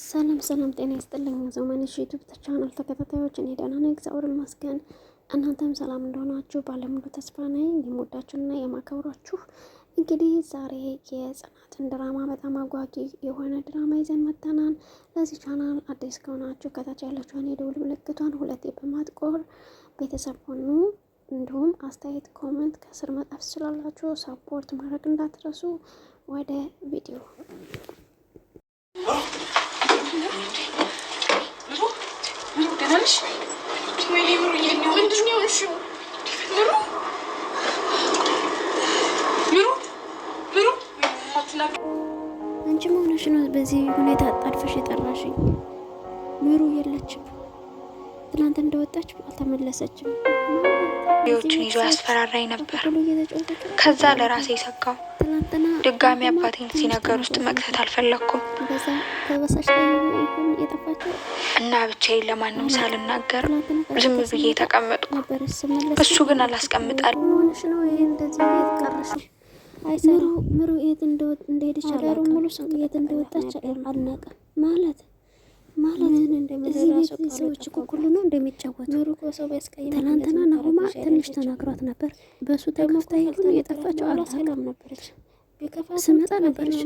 ሰላም ሰላም፣ ጤና ይስጥልኝ ዘመንሽ ዩቱብ ቻናል ተከታታዮች፣ እኔ ደህና ነኝ እግዚአብሔር ይመስገን። እናንተም ሰላም እንደሆናችሁ ባለሙሉ ተስፋ ነኝ። የምወዳችሁና የማከብሯችሁ እንግዲህ ዛሬ የጽናትን ድራማ በጣም አጓጊ የሆነ ድራማ ይዘን መጥተናል። ለዚህ ቻናል አዲስ ከሆናችሁ ከታች ያለችውን የደውል ምልክቷን ሁለቴ በማጥቆር ቤተሰብ ሆኑ። እንዲሁም አስተያየት ኮመንት ከስር መጣፍ ትችላላችሁ። ሰፖርት ማድረግ እንዳትረሱ። ወደ ቪዲዮ አንቺ መሆንሽ ነው በዚህ ሁኔታ አጣድፈሽ የጠራሽኝ። ምሩ የለችም። ትናንት እንደወጣች አልተመለሰችም። ዎችን ይዞ ያስፈራራኝ ነበር። ከዛ ለራሴ ሰጋው። ድጋሚ አባቴን ሲነገር ውስጥ መቅተት አልፈለግኩም እና ብቻዬን ለማንም ሳልናገር ዝም ብዬ ተቀመጥኩ። እሱ ግን አላስቀምጣል። ምሩ ማለት ማለት እዚህ ቤት ሰዎች እኮ ሁሉ ነው እንደሚጫወቱ። ትናንትና ናሁማ ትንሽ ተናግሯት ነበር። በእሱ ተከፍታ የጠፋቸው አላሳቀም ነበረች ስመጣ ነበረች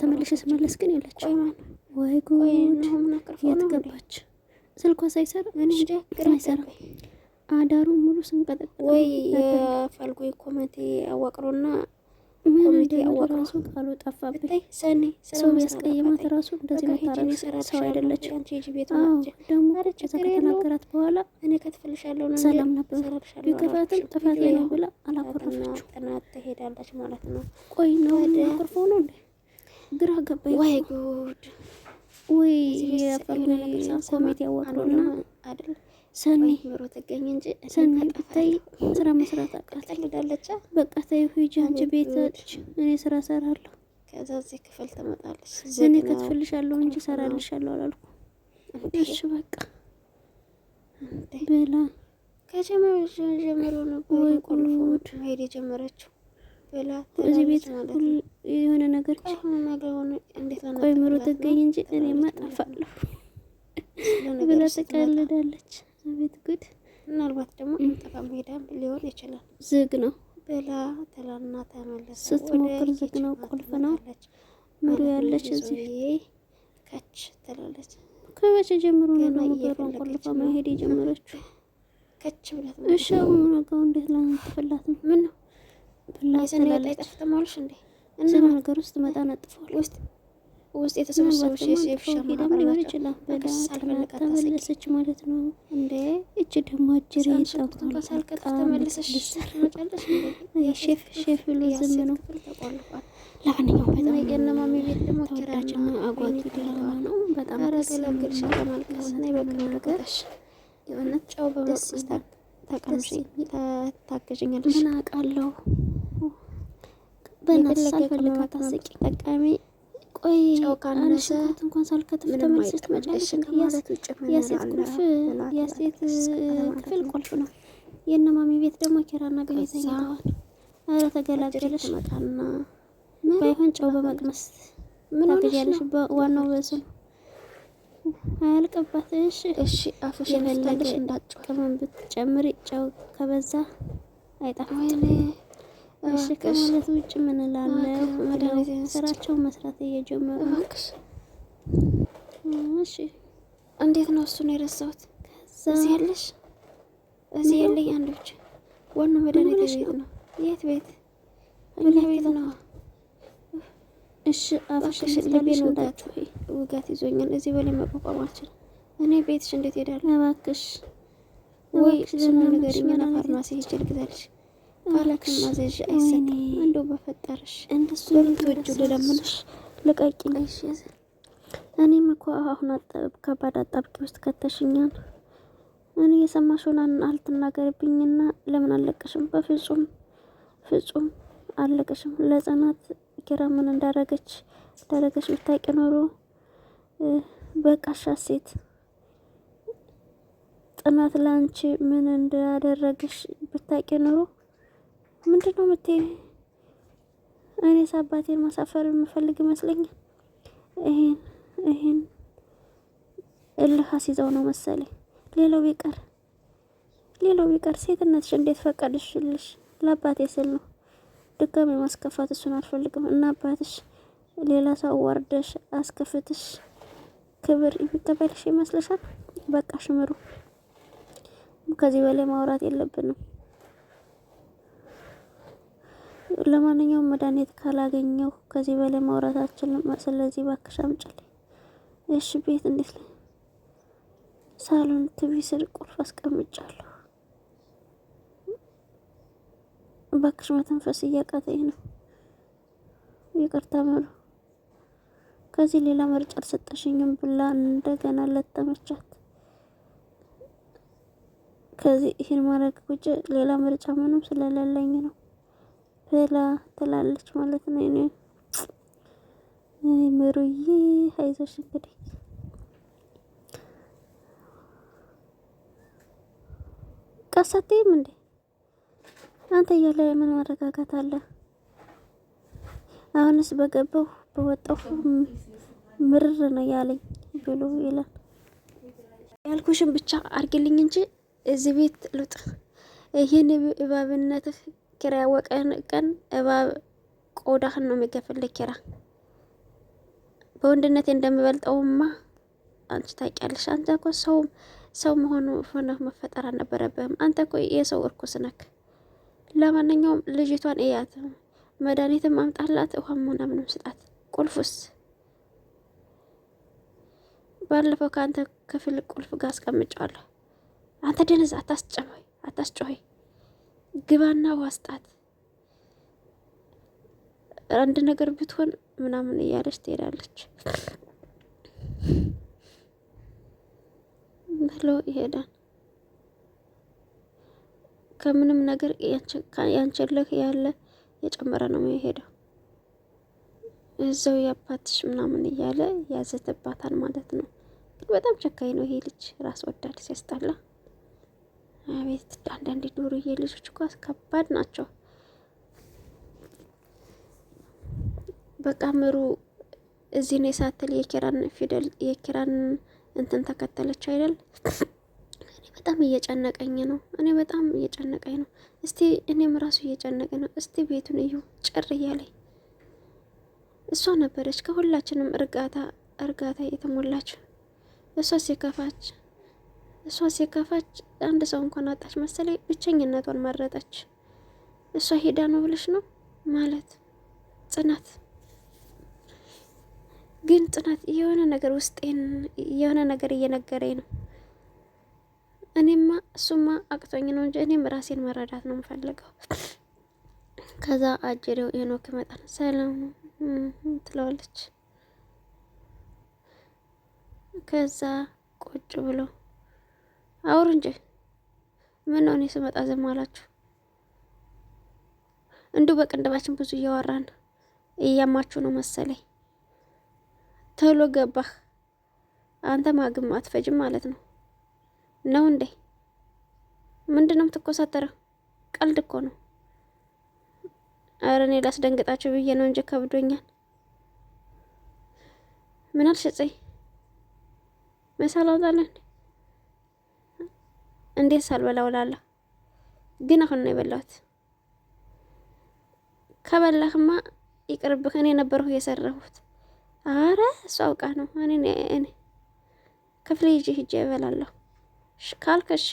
ተመልሼ ስመለስ ግን የለችም። ወይ ጉድ! የት ገባች? ስልኳ ሳይሰራ አዳሩ ሙሉ ስንቀጠቀጥ ወይ ፈልጎ ኮሚቴ አዋቅሮና ኮሚቴ ያወቀ ቃሉ ጠፋብኝ። ሰው ያስቀየማት ራሱ እንደዚህ መታረቅ ሰው አይደለችም። ደግሞ እዛ ከተናገራት በኋላ ሰላም ነበር። ቢገባትም ጥፋት ላይ ነው ብላ አላኮረፈችው። ቆይ ነው አኮርፎ ነው እንዴ? ግራ ገባኝ። ወይ ጉድ! ወይ የፈርሜ ኮሚቴ ያወቅሉና አይደለም ሰኒ ምሮ ተገኝ እንጂ ሰኒ ብታይ ስራ መስራት አቃተኝ እላለች። በቃ ተይው ሂጂ አንቺ ቤት አለች። እኔ ስራ ሰራለሁ። ከዛ እዚህ ክፍል ትመጣለች። እኔ ከትፍልሻለሁ እንጂ ሰራልሻለሁ አላልኩ። እሺ በቃ በላ ከጀመረ ከጀመሩ ነው ወይ ቁልፉት መሄድ የጀመረችው በላ እዚህ ቤት የሆነ ነገር ቆይ ምሮ ተገኝ እንጂ እኔማ ጠፋለሁ ብላ ትቀልዳለች። አቤት ጉድ! ምናልባት ደግሞ እንጠፋም ሄዳ ሊሆን ይችላል። ዝግ ነው በላ ተላና ተመለሰ። ስትሞክር ዝግ ነው፣ ቁልፍ ነው። ምሩ ያለች እዚህ ከች ትላለች። ከመቼ ጀምሮ ነው ደግሞ ቆልፋ መሄድ የጀመረችው? ከች ብለት ነው። እሺ አሁን ነገሩ እንዴት ለምትፈላት ነው? ምን ነው ብላ ስላለች ጠፍተማልሽ እንዴ? እዛ ነገር ውስጥ መጣ ነጥፈዋል ውስጥ ውስጥ የተሰበሰበች የሴፍሻ ማህበር ናቸው። ማለት ነው እንዴ? እች ደግሞ አጅር ሼፍ ሼፍ ብሎ ዝም ነው። ለማንኛውም በጣም አጓጊ ድራማ ነው። በጣም ረገለግልሽ ለማልቀስ ና በቅሎ ነገርሽ የሆነት ጨው በመቅስ ተቀምሽ ምን አውቃለሁ። በናሳል ፈልጋ ታስቂ ቆይ አንድ እንኳን ሳልከትፍ ተመልሰሽ ትመጫለሽ። የሴት ቁልፍ የሴት ክፍል ቁልፍ ነው። የእነ ቤት ደግሞ ኪራና ቤት ተኝተዋል። ኧረ ተገላገለሽ። ባይሆን ጨው በመቅመስ ታገቢያለሽ። ዋናው በሱ አያልቅባት። እሺ እሺ፣ አፍሽ የፈለገ ቅመም ብትጨምሪ ጨው ከበዛ አይጣፍጥም። እሺ ከማለት ውጭ ምን እላለሁ? መስራት እየጀመሩ እሺ። እንዴት ነው እሱን የረሳሁት? እዚህ ያለሽ እዚህ ያለኝ አንድ ብቻ ዋናው መድኃኒት ቤት ነው። የት ቤት? እኛ ቤት ነው። እሺ ልቤን ውጋት ይዞኛል። እዚህ በላይ መቋቋም አልችልም። እኔ ቤትሽ እንዴት ሄዳለሁ? እባክሽ ወይ ፋርማሲ ሄጄ ልግዛልሽ ቃላትን ማዘዣ አይሰጥም። በፈጠረሽ እንደሱ ልለምንሽ እኔም እኮ አሁን ከባድ አጣብቂ ውስጥ ከተሽኛል። እኔ የሰማሽውን አልትናገርብኝና ለምን አለቀሽም? በፍጹም ፍጹም አለቀሽም። ለጽናት ኪራ ምን እንዳረገች እንዳረገች ብታቂ ኖሮ በቃሻ ሴት ጽናት ለአንቺ ምን እንዳደረገሽ ብታቂ ኖሮ ምንድን ነው ምት እኔስ አባቴን ማሳፈር የምፈልግ ይመስለኛል። ይሄን ይሄን እልህ አስይዘው ነው መሰለኝ። ሌላው ቢቀር ሌላው ቢቀር ሴትነትሽ እንዴት ፈቀድሽልሽ? ለአባቴ ስል ነው ድጋሜ ማስከፋት እሱን አልፈልግም። እና አባትሽ ሌላ ሰው ወርደሽ አስከፍትሽ ክብር የሚቀበልሽ ይመስለሻል? በቃ ሽምሩ፣ ከዚህ በላይ ማውራት የለብንም። ለማንኛውም መድኃኒት ካላገኘው ከዚህ በላይ ማውራት አልችልም። ስለዚህ እባክሽ አምጪልኝ። እሺ። ቤት እንዴት ላይ ሳሎን ቲቪ ስር ቁልፍ አስቀምጫለሁ። እባክሽ መተንፈስ እያቃተኝ ነው። ይቅርታ መሩ፣ ከዚህ ሌላ ምርጫ አልሰጠሽኝም ብላ እንደገና ለጠመቻት። ከዚህ ይህን ማድረግ ውጭ ሌላ ምርጫ ምንም ስለሌለኝ ነው። ብላ ትላለች ማለት ነው። እኔ ምሩዬ አይዞሽ እንግዲህ ቀሳቴም እንዴ አንተ እያለ ምን ማረጋጋት አለ? አሁንስ በገባሁ በወጣሁ ምርር ነው ያለኝ ብሎ ይላል። ያልኩሽን ብቻ አርግልኝ እንጂ እዚህ ቤት ልውጥ። ይህን እባብነትህ ኪራ ያወቀህን ቀን እባብ ቆዳህን ነው የሚገፍልህ። ኪራ በወንድነቴ እንደምበልጠውማ አንቺ ታውቂያለሽ። አንተ እኮ ሰው ሰው መሆኑ ሆነህ መፈጠር አልነበረብህም። አንተ እኮ የሰው እርኩስ ነክ። ለማንኛውም ልጅቷን እያት፣ መድኃኒትም አምጣላት፣ ውሃም ምናምንም ስጣት። ቁልፉስ ባለፈው ከአንተ ክፍል ቁልፍ ጋር አስቀምጫዋለሁ። አንተ ደነዝ አታስጨመይ፣ አታስጨሆይ ግባና ዋስጣት አንድ ነገር ብትሆን ምናምን እያለች ትሄዳለች ብሎ ይሄዳል። ከምንም ነገር ያንቸልህ ያለ የጨመረ ነው የሚሄደው። እዛው ያባትሽ ምናምን እያለ ያዘተባታል ማለት ነው። ግን በጣም ቸካይ ነው ይሄ ልጅ ራስ ወዳድ ሲያስጠላ። አቤት አንዳንድ ዱርዬ ልጆች እኮ አስከባድ ናቸው። በቃ ምሩ እዚህ ነው የሳትል የኪራን ፊደል የኪራን እንትን ተከተለች አይደል? እኔ በጣም እየጨነቀኝ ነው። እኔ በጣም እየጨነቀኝ ነው። እስቲ እኔም ራሱ እየጨነቀኝ ነው። እስቲ ቤቱን እዩ ጭር እያለኝ እሷ ነበረች ከሁላችንም እርጋታ እርጋታ የተሞላችው እሷ ሲከፋች እሷ ሲከፋች አንድ ሰው እንኳን አጣች መሰለኝ ብቸኝነቷን መረጠች። እሷ ሄዳ ነው ብለሽ ነው ማለት ጽናት ግን ጽናት የሆነ ነገር ውስጤን የሆነ ነገር እየነገረኝ ነው። እኔማ እሱማ አቅቶኝ ነው እንጂ እኔም ራሴን መረዳት ነው የምፈልገው። ከዛ አጀሬው የኖክ ይመጣል። ሰላም ትለዋለች። ከዛ ቁጭ ብሎ አውሩ እንጂ ምን ነው እኔ ስመጣ ዝም አላችሁ? እንዲሁ በቅንድባችን ብዙ እያወራን እያማችሁ ነው መሰለኝ። ቶሎ ገባህ አንተ ማግም አትፈጅም ማለት ነው ነው እንዴ? ምንድነው ነው ቀልድ እኮ ነው። ኧረ እኔ ላስደንግጣችሁ ብዬ ነው እንጂ ከብዶኛል። ምን አልሽጽይ መሳል አውጣለን እንዴት ሳልበላ ግን አሁን ነው የበላሁት። ከበላህማ ይቅርብህ፣ እኔ ነበርሁ የሰራሁት። አረ እሱ አውቃ ነው። እኔ እኔ ክፍል ይዤ ሂጄ እበላለሁ ካልክ እሺ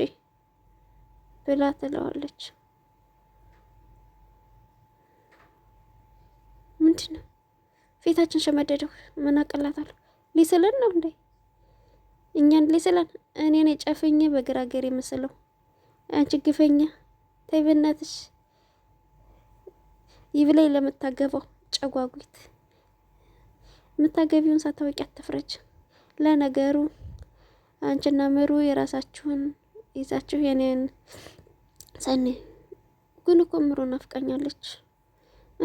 ብላ ትለዋለች። ምንድን ነው ፊታችን ሸመደደው? ምን አቅላታለሁ? ሊስልን ነው እንዴ? እኛን ሊስለን እኔን የጨፍኜ በግራገር የምስለው አንቺ ግፈኛ ተይ በእናትሽ ይብላኝ ለምታገባው ጨጓጉት የምታገቢውን ሳታወቂ አትፍረጅ። ለነገሩ አንቺና ምሩ የራሳችሁን ይዛችሁ የኔን ሰኔ ግን እኮ ምሩ ናፍቀኛለች፣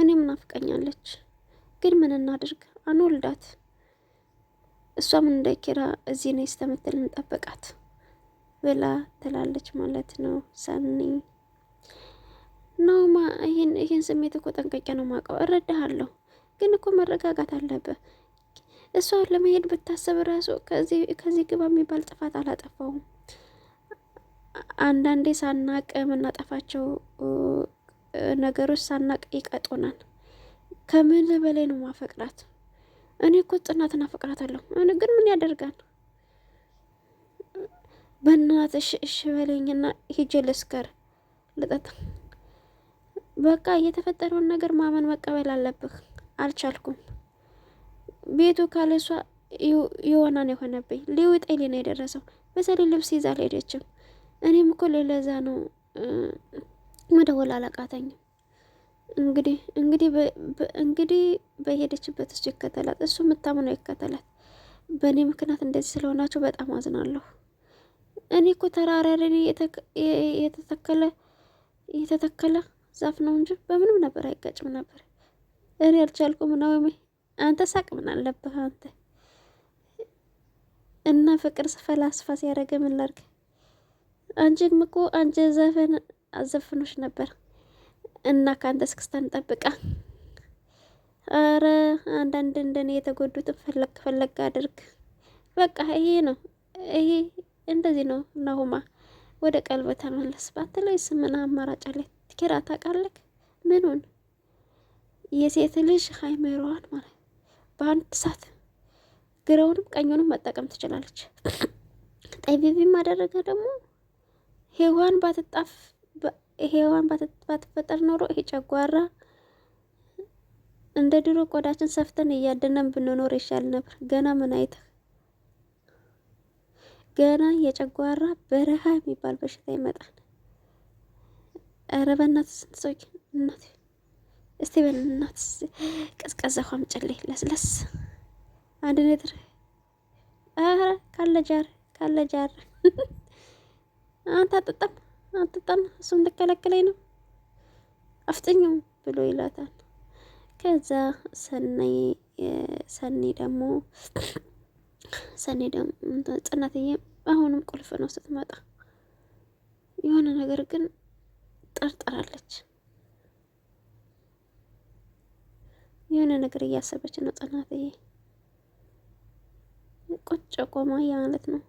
እኔም ናፍቀኛለች። ግን ምን እናድርግ? አንወልዳት እሷም እንደ ኪራ እዚህ ነው ስተምትል እንጠብቃት ብላ ትላለች ማለት ነው። ሰኒ ነውማ ይህን ይህን ስሜት እኮ ጠንቀቄ ነው ማውቀው፣ እረዳሃለሁ። ግን እኮ መረጋጋት አለብህ። እሷ ለመሄድ ብታሰብ ራሱ ከዚህ ግባ የሚባል ጥፋት አላጠፋውም። አንዳንዴ ሳናቅ የምናጠፋቸው ነገሮች ሳናቅ ይቀጡናል። ከምን በላይ ነው ማፈቅራት እኔ እኮ ጽናትና ፍቅራት አለሁ። እኔ ግን ምን ያደርጋል? በእናትሽ እሺ በለኝና ሂጄ ልስከር፣ ልጠጥ። በቃ የተፈጠረውን ነገር ማመን መቀበል አለብህ። አልቻልኩም። ቤቱ ካለሷ የሆናን የሆነብኝ ሊውጥ ነው የደረሰው በተለይ ልብስ ይዛ አልሄደችም። እኔም እኮ ለዛ ነው መደወል አላቃተኝም። እንግዲህ እንግዲህ እንግዲህ በሄደችበት እሱ ይከተላት፣ እሱ የምታምነው ይከተላት። በእኔ ምክንያት እንደዚህ ስለሆናቸው በጣም አዝናለሁ። እኔ እኮ ተራራሪን የተተከለ የተተከለ ዛፍ ነው እንጂ በምንም ነበር አይጋጭም ነበር። እኔ አልቻልኩም ነው። አንተ ሳቅ ምን አለብህ አንተ? እና ፍቅር ፈላስፋ ሲያደርገ ምን ላርግ? አንቺም እኮ አንቺ ዘፈን አዘፍኖች ነበር እና ከአንተ እስክስታን ጠብቃ ኧረ አንዳንድ እንደኔ የተጎዱትን ፈለግ ፈለግ አድርግ። በቃ ይሄ ነው ይሄ እንደዚህ ነው ናሁማ፣ ወደ ቀልብ ተመለስ ባትለይ ምን አማራጭ አለ? ኪራ ታውቃለህ? ምኑን የሴት ልጅ አይምሮዋን ማለት በአንድ ሰዓት ግራውንም ቀኙንም መጠቀም ትችላለች። ጠቢቢም አደረገ ደግሞ ሄዋን ባትጣፍ ይሄ ሔዋን ባትፈጠር ኖሮ ይሄ ጨጓራ እንደ ድሮ ቆዳችን ሰፍተን እያደነን ብንኖር ይሻል ነበር። ገና ምን አይተህ ገና የጨጓራ በረሃ የሚባል በሽታ ይመጣል። ኧረ በእናትህ ስንት ሰው እናት እስቲ በእናትህ ቀዝቀዘ ውሃ አምጪልኝ ለስለስ አንድ ነጥር ኧረ ካለ ጃር ካለ ጃር አንተ አጠጣም አትጣና፣ እሱም ልከለክለኝ ነው አፍጥኝም ብሎ ይላታል። ከዛ ሰኔ ሰኔ ደግሞ ሰኔ ደግሞ ጽናትዬ አሁንም ቁልፍ ነው ስትመጣ የሆነ ነገር ግን ጠርጠራለች። የሆነ ነገር እያሰበች ነው ጽናትዬ። ቁጭ ቆማ ማለት ነው።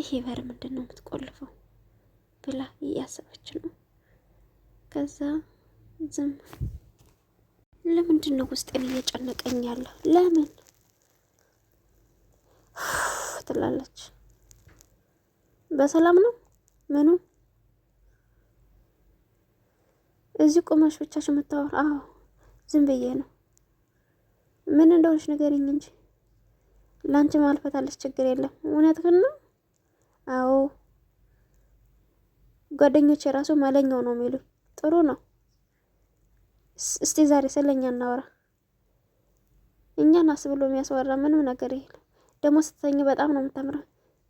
ይሄ በር ምንድን ነው የምትቆልፈው? ብላ እያሰበች ነው። ከዛ ዝም ለምንድን ነው ውስጤን እየጨነቀኝ ያለ ለምን ትላለች። በሰላም ነው ምኑ እዚህ ቁመሽ ብቻሽ የምታወር? አዎ ዝም ብዬ ነው። ምን እንደሆነች ንገሪኝ እንጂ ላንቺ ማልፈታለች ችግር የለም። እውነትህን ነው? አዎ ጓደኞች የራሱ ማለኛው ነው የሚሉኝ። ጥሩ ነው። እስቲ ዛሬ ስለኛ እናወራ። እኛን አስብሎ የሚያስወራ ምንም ነገር የለም። ደግሞ ስትተኝ በጣም ነው የምታምረው።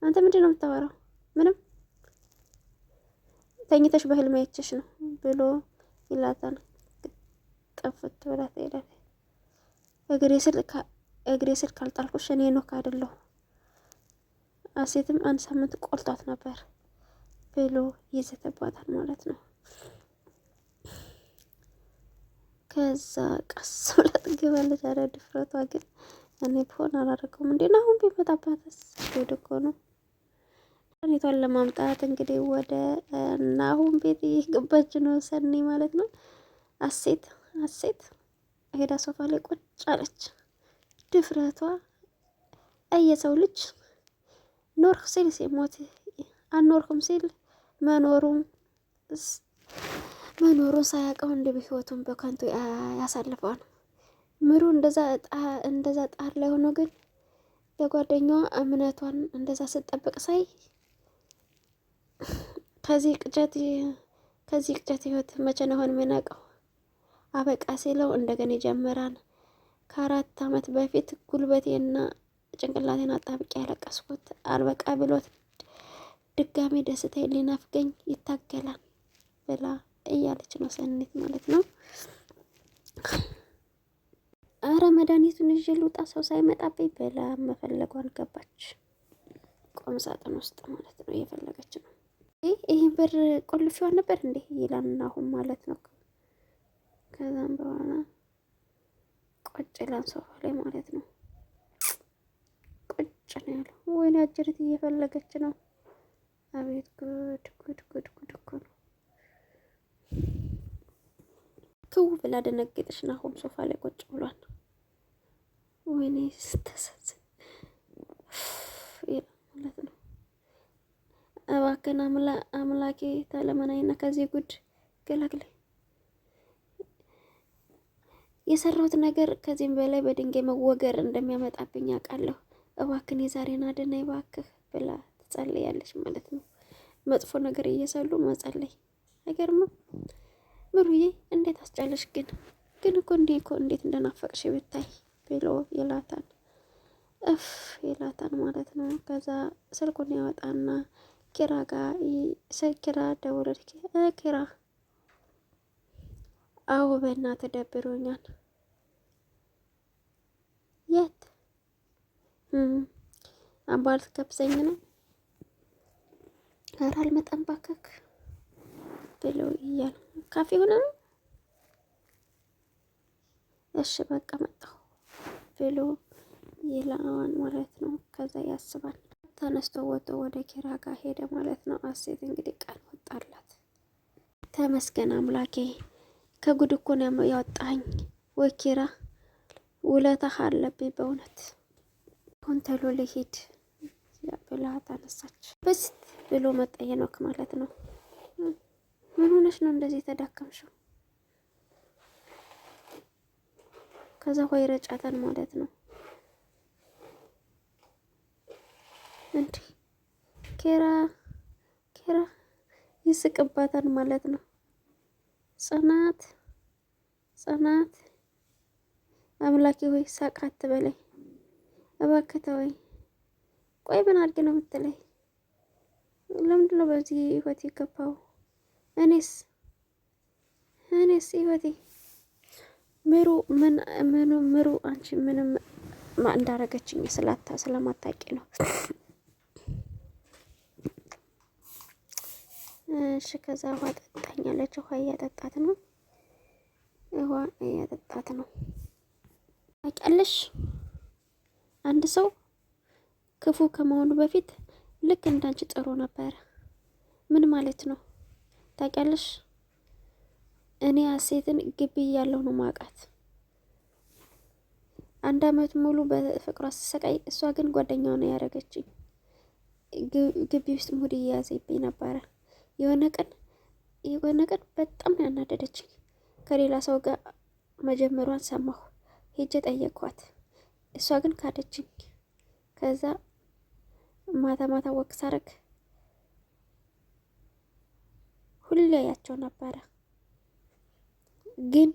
አንተ ምንድን ነው የምታወራው? ምንም ተኝተሽ በህልም ያየችሽ ነው ብሎ ይላታል። ጠፍት ብላ ትሄዳለች። እግሬ ስል ካልጣልኩሽ እኔ ኖክ አይደለሁ። አሴትም አንድ ሳምንት ቆልጧት ነበር። ብሎ ይዘትባታል ማለት ነው። ከዛ ቀስ ብላ ትገባለች። ኧረ ድፍረቷ ግን እኔ ፎን አላደረገውም እንዴ ነው አሁን ቢመጣባትስ ወደ እኮ ነው ሁኔታውን ለማምጣት እንግዲህ ወደ ናሁም ቤት እየገባች ነው ሰኒ ማለት ነው። አሴት አሴት ሄዳ ሶፋ ላይ ቁጭ አለች። ድፍረቷ እየሰው ልጅ ኖርክ ሲል ሲሞት አኖርኩም ሲል መኖሩም መኖሩን ሳያውቀው እንዲህ ህይወቱን በከንቱ ያሳልፈዋል። ምሩ እንደዛ ጣር ላይ ሆኖ ግን በጓደኛዋ እምነቷን እንደዛ ስጠበቅ ሳይ ከዚህ ቅጨት ከዚህ ቅጨት ህይወት መቼ ነው ሆን አበቃ ሲለው እንደገና ይጀምራል። ከአራት አመት በፊት ጉልበቴና ጭንቅላቴን አጣብቄ ያለቀስኩት አልበቃ ብሎት ድጋሜ ደስታ ሊናፍቀኝ ይታገላል ብላ እያለች ነው ሰኒት ማለት ነው። አረ መድኃኒቱን ይዤ ልውጣ ሰው ሳይመጣብኝ ብላ መፈለጉ አልገባች። ቁም ሳጥን ውስጥ ማለት ነው እየፈለገች ነው። ይህ ብር ቆልፊዋን ነበር እንዴ ይላል አሁን ማለት ነው። ከዛም በኋላ ቁጭ ይላል ሶፋ ላይ ማለት ነው። ቁጭ ነው ያለው። ወይኔ አጀሪት እየፈለገች ነው አቤት ጉድ ጉድ ጉድ ጉድ እኮ ነው። ክው ብላ ደነገጠች። ናሆም ሶፋ ላይ ቁጭ ብሏል። ወይኔ ስተሰዝን ማለት ነው። እባክህን አምላኬ ተለመናኝና ከዚህ ጉድ ገላግለኝ። የሰራሁት ነገር ከዚህም በላይ በድንጋይ መወገር እንደሚያመጣብኝ አውቃለሁ። እባክህን የዛሬን አድነኝ እባክህ ብላ ያለች ማለት ነው። መጥፎ ነገር እየሰሉ መጸለይ አይገርምም? ምሩዬ እንዴት አስጫለሽ ግን ግን እኮ እንዴ እኮ እንዴት እንደናፈቅሽ ብታይ ብሎ ይላታል። እፍ ይላታል ማለት ነው። ከዛ ስልኩን ያወጣና ኪራ ጋ ኪራ ደውለድ ኪራ አዎ በእናትህ የት አምባ ከብሰኝ ነው? ኧረ አልመጣም ባከክ ብለው እያሉ ካፌ ሆነ ነው። እሺ በቃ መጣሁ ብሎ ይላዋን ማለት ነው። ከዛ ያስባል ተነስቶ ወጥቶ ወደ ኪራ ጋር ሄደ ማለት ነው። አሴት እንግዲህ ቃል ወጣላት። ተመስገን አምላኬ ከጉድ እኮ ነው ያወጣኝ። ወይ ኪራ ውለታህ አለብኝ በእውነት አሁን ተሎ ልሂድ ብላ ተነሳች። ብሎ መጣ ሄኖክ ማለት ነው። ምን ሆነሽ ነው እንደዚህ የተዳከምሽው? ከዛ ሆይ ረጫታል ማለት ነው። እንዴ ኬራ ኬራ ይስቅባታል ማለት ነው። ጽናት ጽናት አምላኬ ሆይ ሳቅ በለኝ እባክህ ተወኝ። ቆይ ምን አድርጌ ነው የምትለኝ? ለምንድን ነው በዚህ ህይወት የገባው? እኔስ እኔስ ህይወቴ ምሩ ምን ምሩ አንቺ ምንም እንዳረገችኝ ስላታ ስለማታቂ ነው። እሺ ከዛ ውሃ ጠጣኝ ውሃ እያጠጣት ነው። ውሃ እያጠጣት ነው። ታውቂያለሽ አንድ ሰው ክፉ ከመሆኑ በፊት ልክ እንዳንቺ ጥሩ ነበረ። ምን ማለት ነው ታውቂያለሽ? እኔ ሀሴትን ግቢ እያለሁ ነው ማውቃት። አንድ አመት ሙሉ በፍቅሯ ስትሰቃይ እሷ ግን ጓደኛው ነው ያደረገችኝ። ግቢ ውስጥ ሙድ እየያዘብኝ ነበረ። የሆነ ቀን የሆነ ቀን በጣም ነው ያናደደችኝ። ከሌላ ሰው ጋር መጀመሯን ሰማሁ። ሄጄ ጠየኳት፣ እሷ ግን ካደችኝ። ከዛ ማታ ማታ ወክ ሳረግ ሁሌ ያቸው ነበረ። ግን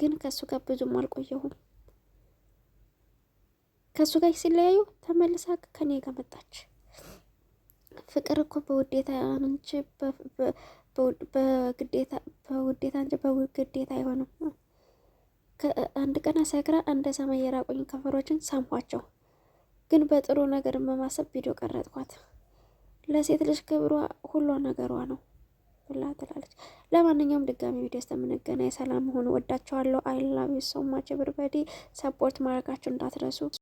ግን ከእሱ ጋር ብዙም አልቆየሁም። ከእሱ ጋር ሲለያዩ ተመልሳ ከኔ ጋር መጣች። ፍቅር እኮ በውዴታ እንጂ በግዴታ በውዴታ እንጂ በግዴታ አይሆንም። አንድ ቀን አሳግራ እንደ ሰማይ የራቁኝ ከንፈሮችን ሳምኋቸው። ግን በጥሩ ነገር በማሰብ ቪዲዮ ቀረጥኳት። ለሴት ልጅ ክብሯ ሁሏ ነገሯ ነው ብላ ትላለች። ለማንኛውም ድጋሚ ቪዲዮ እስከምንገናኝ ሰላም ሆኑ። ወዳቸዋለሁ። አይ ላቭ ዩ ሶ ማች ሰፖርት ማድረጋችሁ እንዳትረሱ።